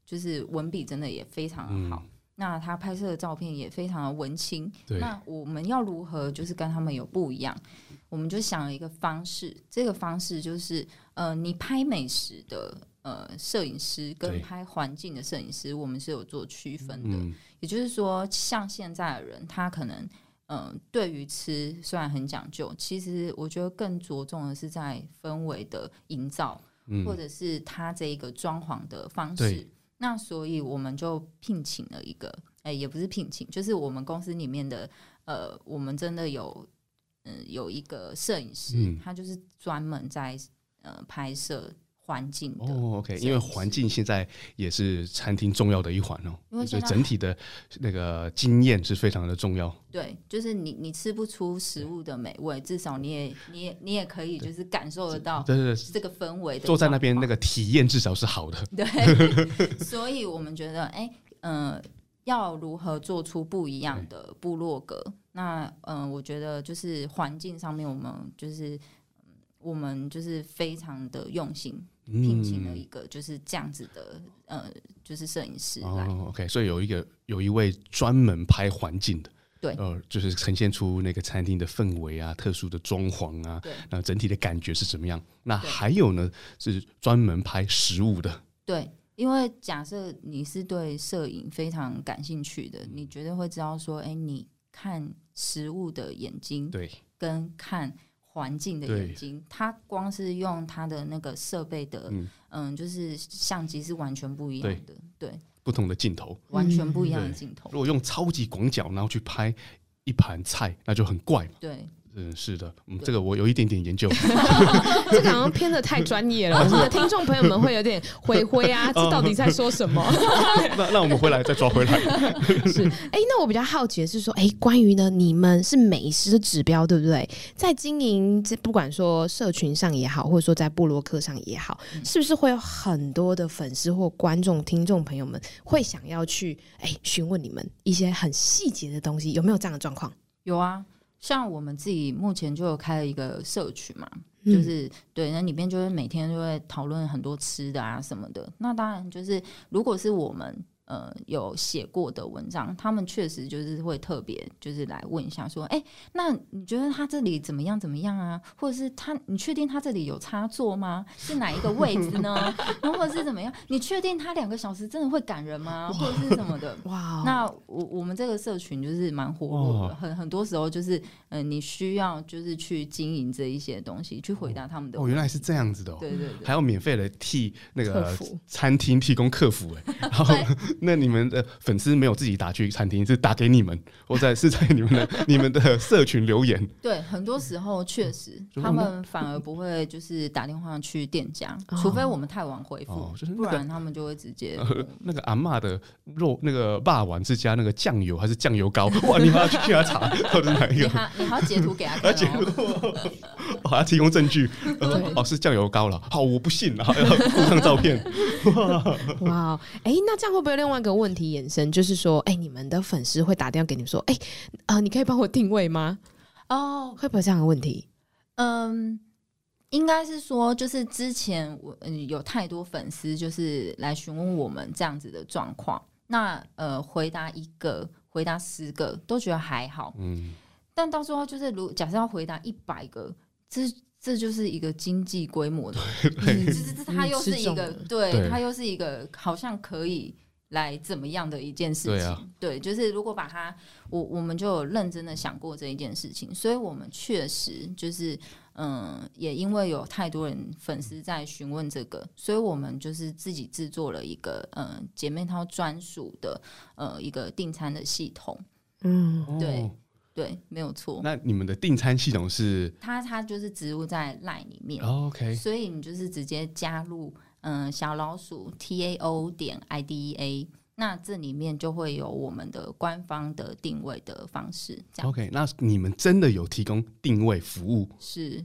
就是文筆真的也非常好。嗯。那他拍攝的照片也非常的文青。對。那我們要如何就是跟他們有不一樣？我們就想了一個方式，這個方式就是，呃，你拍美食的呃攝影師跟拍環境的攝影師，我們是有做區分的。嗯。也就是說，像現在的人，他可能嗯、呃，對於吃雖然很講究，其實我覺得更着重的是在氛圍的營造、嗯，或者是他這一個裝潢的方式。那所以，我們就聘請了一個，哎、欸，也不是聘請，就是我們公司裡面的，呃，我們真的有，嗯、呃，有一個攝影師、嗯，他就是專門在，呃，拍攝。環境哦、oh,，OK，因為環境現在也是餐廳重要的一環哦、喔，所以整體的那個經驗是非常的重要。對，就是你你吃不出食物的美味，至少你也你也你也可以就是感受得到，對對，這個氛圍，坐在那邊那個體驗至少是好的。對， 所以我們覺得，哎、欸，嗯、呃，要如何做出不一樣的部落格？欸、那嗯、呃，我覺得就是環境上面，我們就是我們就是非常的用心。聘請了一個就是這樣子的嗯、呃，就是攝影師來哦哦，OK，所以有一個有一位專門拍環境的對、嗯，呃，就是呈現出那個餐廳的氛圍啊，特殊的裝潢啊、嗯，那整體的感覺是怎麼樣？那還有呢，是專門拍食物的。對，因為假設你是對攝影非常感興趣的，你絕對會知道說，哎、欸，你看食物的眼睛，對，跟看。環境的眼睛，它光是用它的那個設備的嗯，嗯，就是相機是完全不一樣的，對，對不同的鏡頭、嗯，完全不一樣的鏡頭。嗯、如果用超級廣角，然後去拍一盤菜，那就很怪嘛，對。嗯，是的，嗯，這個我有一點點研究， 這個好像偏得太專業了，我們的聽眾朋友們會有點灰灰啊， 這到底在說什麼？ 那那我們回來再抓回來。 是，哎、欸，那我比較好奇的是說，哎、欸，關於呢，你們是美食的指標，對不對？在經營這，不管說社群上也好，或者說在部落客上也好，嗯、是不是會有很多的粉絲或觀眾、聽眾朋友們會想要去哎詢問你們一些很細節的東西？有沒有這樣的狀況？有啊。像我們自己目前就有開了一個社群嘛，嗯、就是對，那裡面就是每天就會討論很多吃的啊什麼的。那當然就是如果是我們。呃，有寫過的文章，他們確實就是會特別就是來問一下，說，哎、欸，那你覺得他這裡怎麼樣怎麼樣啊？或者是他，你確定他這裡有插座嗎？是哪一個位置呢？然 後是怎麼樣？你確定他兩個小時真的會趕人嗎？或者是什麼的？哇、哦，那我我們這個社群就是蠻火的，哦、很很多時候就是，嗯、呃，你需要就是去經營這一些東西，去回答他們的哦。哦，原來是這樣子的、哦，對，對對對，還要免費的替那個餐廳提供客服哎、欸，然後。 那你們的粉絲沒有自己打去餐廳，是打給你們，或者是在你們的 你們的社群留言？對，很多時候確實他們反而不會就是打電話去店家，除非我們太晚回復、哦，不然他們就會直接。哦，就是嗯呃、那個阿嬤的肉，那個霸王之家那個醬油還是醬油膏？哇，你還要去給他查 到底哪一個？他你還要截圖給他，還 要截圖，還、哦、要、哦、提供證據。呃、哦，是醬油膏了。好，我不信，好、呃，要附上照片。 哇，哇，哎、欸，那這樣會不會？另外一個問題延伸就是說，哎、欸，你們的粉絲會打電話給你們說，哎、欸，啊、呃，你可以幫我定位嗎？哦、oh,，會不會這樣的問題？嗯、um,，應該是說，就是之前我、嗯、有太多粉絲，就是來詢問我們這樣子的狀況。那呃，回答一個，回答十個都覺得還好。嗯，但到時候就是，如假設要回答一百個，這這就是一個經濟規模的，嗯嗯、這這他又是一個，對，他又是一個，好像可以。來怎麼樣的一件事情？對、啊、對，就是如果把它，我我們就有認真的想過這一件事情，所以我們確實就是嗯、呃，也因為有太多人粉絲在詢問這個，所以我們就是自己製作了一個呃姐妹淘專屬的呃一個訂餐的系統。嗯，對、哦、對，對，沒有錯。那你們的訂餐系統是？它它就是植入在賴裡面。哦、OK，所以你就是直接加入，嗯、呃，小老鼠 TAO 點 IDEA，那這裡面就會有我們的官方的訂位的方式。OK，那你們真的有提供訂位服務？是，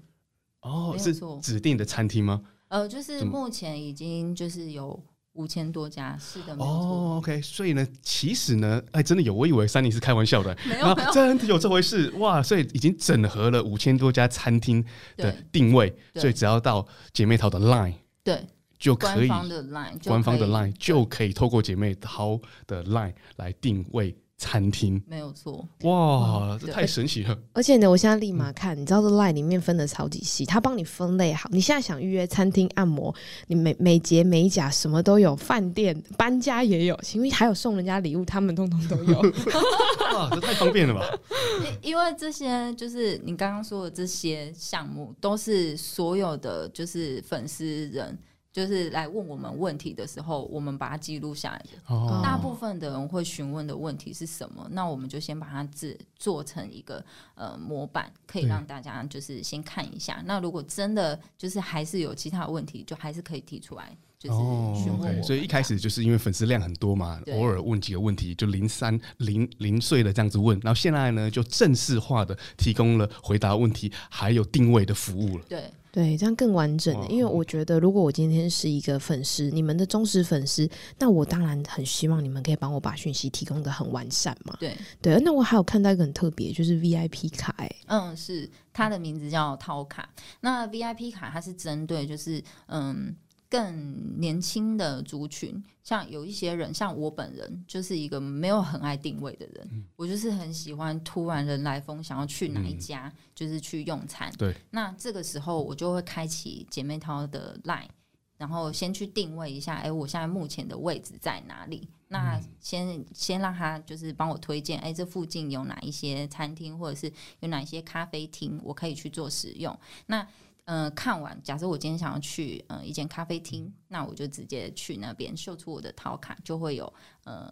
哦，是指定的餐廳嗎？呃，就是目前已經就是有五千多家，是的，哦，OK，所以呢，其實呢，哎，真的有，我以為三林是開玩笑的， 沒有，真的有這回事， 哇！所以已經整合了五千多家餐廳的訂位，所以只要到姐妹淘的 Line，對。對就可以官方的 line，官方的 line 就可以透過姐妹淘的 line 來定位餐廳，沒有錯，哇，嗯、這太神奇了！而且呢，我現在立馬看，嗯、你知道，這 line 裡面分得超級細，它幫你分類好。你現在想預約餐廳、按摩、你美美睫、美甲什麼都有，飯店搬家也有，因為還有送人家禮物，他們通通都有。 哇，這太方便了吧！ 因為這些就是你剛剛說的這些項目，都是所有的就是粉絲人。就是來問我們問題的時候，我們把它記錄下來。Oh. 大部分的人會詢問的問題是什麼？那我們就先把它製做成一個呃模板，可以讓大家就是先看一下。那如果真的就是還是有其他問題，就還是可以提出來，就是詢問我。Oh. Okay. 所以一開始就是因為粉絲量很多嘛，偶爾問幾個問題就零三零零碎的這樣子問。然後現在呢，就正式化的提供了回答問題還有定位的服務了。對。對，這樣更完整，欸。因為我覺得，如果我今天是一個粉絲，你們的忠實粉絲，那我當然很希望你們可以幫我把訊息提供的很完善嘛。對對，那我還有看到一個很特別，就是 VIP 卡，欸。嗯，是，它的名字叫套卡。那 VIP 卡它是針對就是嗯。更年輕的族群，像有一些人，像我本人就是一個沒有很愛定位的人，嗯、我就是很喜歡突然人來瘋，想要去哪一家、嗯、就是去用餐。對，那這個時候我就會開啟姐妹淘的 Line，然後先去定位一下，哎、欸，我現在目前的位置在哪裡？那先、嗯、先讓他就是幫我推薦，哎、欸，這附近有哪一些餐廳，或者是有哪一些咖啡廳，我可以去做使用。那嗯、呃，看完，假設我今天想要去嗯、呃、一間咖啡廳，那我就直接去那邊秀出我的套卡，就會有呃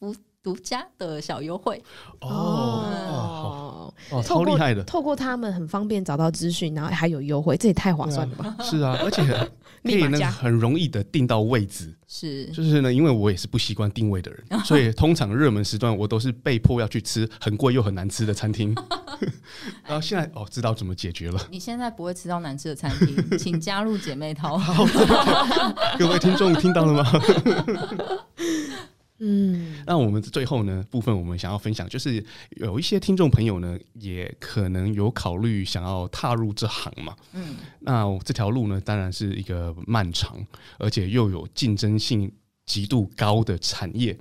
獨獨家的小優惠哦哦，厲、哦哦哦哦、害的，透過他們很方便找到資訊，然後還有優惠，這也太划算了吧！啊是啊，而且。 可以呢，很容易的定到位置，是，就是呢，因為我也是不習慣定位的人， 所以通常熱門時段我都是被迫要去吃很貴又很難吃的餐廳。 然後現在哦，知道怎麼解決了，你現在不會吃到難吃的餐廳， 請加入姐妹淘。好 各位聽眾聽到了嗎？ 嗯，那我們最後呢，部分，我們想要分享就是有一些聽眾朋友呢，也可能有考慮想要踏入這行嘛。嗯，那這條路呢，當然是一個漫長，而且又有競爭性極度高的產業。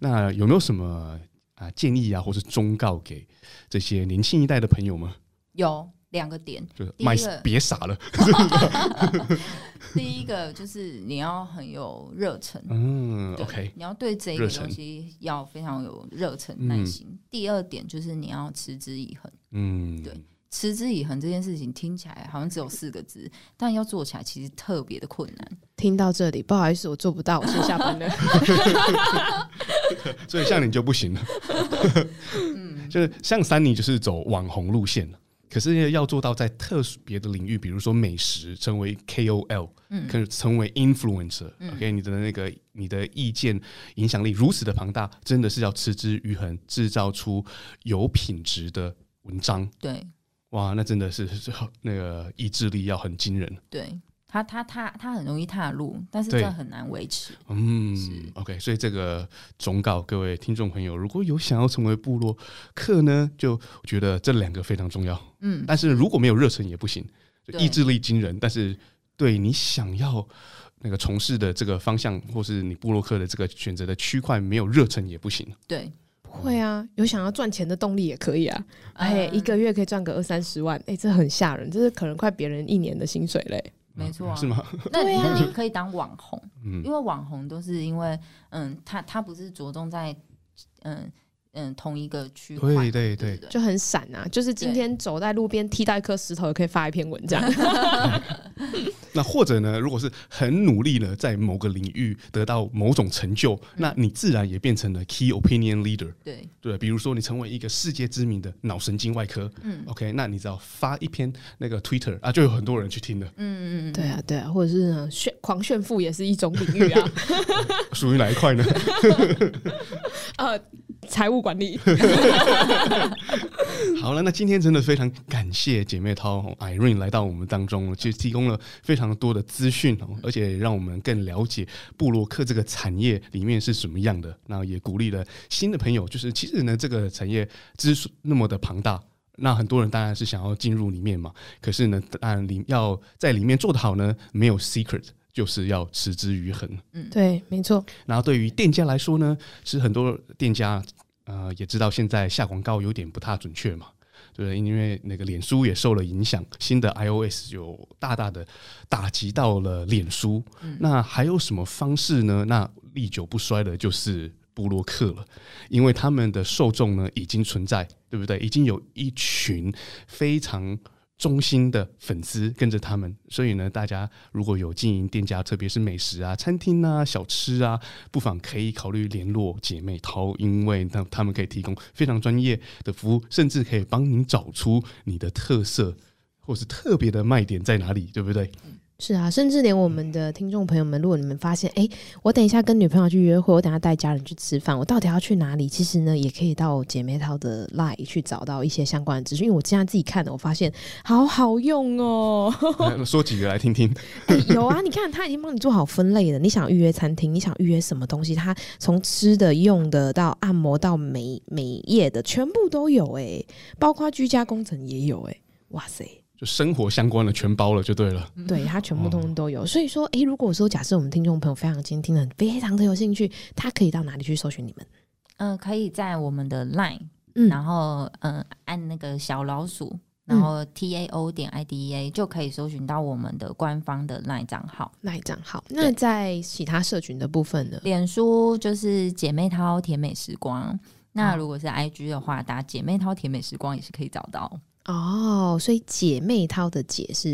那有沒有什麼啊建議啊，或是忠告給這些年輕一代的朋友嗎？有。兩個點，第一，別傻了。 第一個就是你要很有熱忱，嗯，OK，你要對這一個東西要非常有熱忱，熱忱耐心、嗯。第二點就是你要持之以恆，嗯，對，持之以恆這件事情聽起來好像只有四個字，嗯、但要做起來其實特別的困難。聽到這裡，不好意思，我做不到，我先下班了。 所以像你就不行了，嗯， 就是像珊妮就是走網紅路線了。可是要做到在特別的領域，比如說美食，成為 KOL，嗯，成為 influencer，OK，、嗯 okay，你的那個你的意見影響力如此的龐大，真的是要持之以恆，製造出有品質的文章。對，哇，那真的是那個意志力要很驚人。對。他他他他很容易踏入，但是這很難維持。嗯，OK，所以這個忠告各位聽眾朋友，如果有想要成為部落客呢，就我覺得這兩個非常重要。嗯，但是如果沒有熱忱也不行，就意志力驚人，但是對你想要那個從事的這個方向，或是你部落客的這個選擇的區塊，沒有熱忱也不行。對，嗯、會啊，有想要賺錢的動力也可以啊。哎、嗯欸，一個月可以賺個二三十萬，哎、欸，這很嚇人，這是可能快別人一年的薪水嘞、欸。沒錯，啊，那那你可以當網紅， 因為網紅都是因為，嗯，他他不是着重在，嗯。嗯，同一個區塊，對對對，就，是，就很散啊。就是今天走在路邊踢到一顆石頭，也可以發一篇文章 那。那或者呢，如果是很努力的在某個領域得到某種成就，嗯、那你自然也變成了 key opinion leader 對。對對，比如說你成為一個世界知名的腦神經外科，嗯，OK，那你只要發一篇那個 Twitter 啊，就有很多人去聽的。嗯嗯，對啊對啊，或者是炫狂炫富也是一種領域啊，屬 於、嗯、哪一塊呢？ 呃，財務。管理 好了，那今天真的非常感謝姐妹淘、Irene 來到我們當中，其實提供了非常多的資訊哦，而且讓我們更了解部落客這個產業裡面是什麼樣的。那也鼓勵了新的朋友，就是其實呢，這個產業資訊那麼的龐大，那很多人當然是想要進入裡面嘛。可是呢，當然你要在裡面做得好呢，沒有 secret，就是要持之以恆。嗯，對，沒錯。然後對於店家來說呢，其實很多店家。呃，也知道現在下廣告有點不太準確嘛，對不對？因為那個臉書也受了影響，新的 iOS 有大大的打擊到了臉書，嗯。那還有什麼方式呢？那歷久不衰的就是部落客了，因為他們的受眾呢已經存在，對不對？已經有一群非常。忠心的粉絲跟着他們，所以呢，大家如果有經營店家，特別是美食啊、餐廳啊、小吃啊，不妨可以考慮聯絡姐妹淘，因為那他們可以提供非常專業的服務，甚至可以幫您找出你的特色或是特別的賣點在哪裡，對不對？嗯是啊，甚至連我們的聽眾朋友們，如果你們發現，哎、欸，我等一下跟女朋友去約會，我等一下帶家人去吃飯，我到底要去哪裡？其實呢，也可以到姐妹淘的 LINE 去找到一些相關的資訊。因為我現在自己看，我發現好好用哦、喔。 說幾個來聽聽、欸。有啊，你看，他已經幫你做好分類了。 你想預約餐廳，你想預約什麼東西？他從吃的、用的到按摩到美美業的，全部都有哎、欸，包括居家工程也有哎、欸，哇塞！就生活相關的全包了，就對了。對，它全部通通都有。哦、所以說，誒、欸，如果說假設我們聽眾朋友非常精聽的，非常的有興趣，他可以到哪裡去搜尋你們？嗯、呃，可以在我們的 Line，然後嗯、呃、按那個小老鼠，然後 T A O 點 IDEA 就可以搜尋到我們的官方的 Line 賬號。Line 賬號。那在其他社群的部分呢？臉書就是姐妹淘甜美時光。那如果是 I G 的話，打姐妹淘甜美時光也是可以找到。哦、oh，所以姐妹淘的“姐”是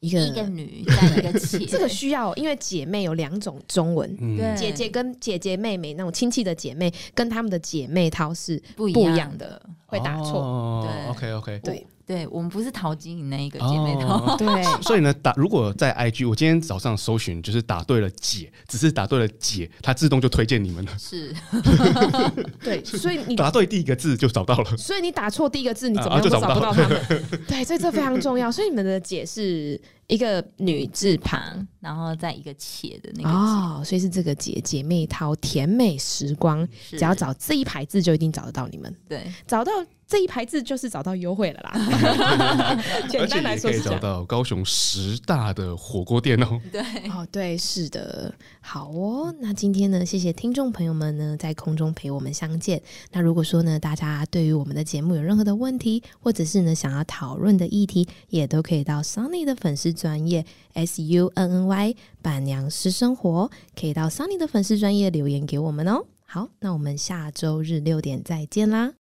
一個一個女加一個“姐”，這個需要，因為姐妹有兩種中文， 對姐姐跟姐姐、妹妹那種親戚的姐妹，跟她們的姐妹淘是不一樣的。會打錯，oh, 對，OK OK，對，對我們不是淘金那一個姐妹淘，對，所以呢，打如果在 IG，我今天早上搜尋就是打對了“姐”，只是打對了“姐”，它自動就推薦你們了，是， 對，所以你打對第一個字就找到了，所以你打錯第一個字，你怎麼就找不到他們？啊、 對，所以這非常重要，所以你們的姐是。一個女字旁，嗯，然後再一個“且”的那個哦，所以是這個“姐”，姐妹淘甜美時光，只要找這一排字就一定找得到你們，對，找到。這一排字就是找到優惠了啦，簡單來說，可以找到高雄十大的火鍋店哦， 店哦，哦。對，哦對，是的，好哦。那今天呢，謝謝聽眾朋友們呢，在空中陪我們相見。那如果說呢，大家對於我們的節目有任何的問題，或者是呢想要討論的議題，也都可以到 Sunny 的粉絲專頁 S U N N Y 伴娘私生活，可以到 Sunny 的粉絲專頁留言給我們哦。好，那我們下週日六點再見啦。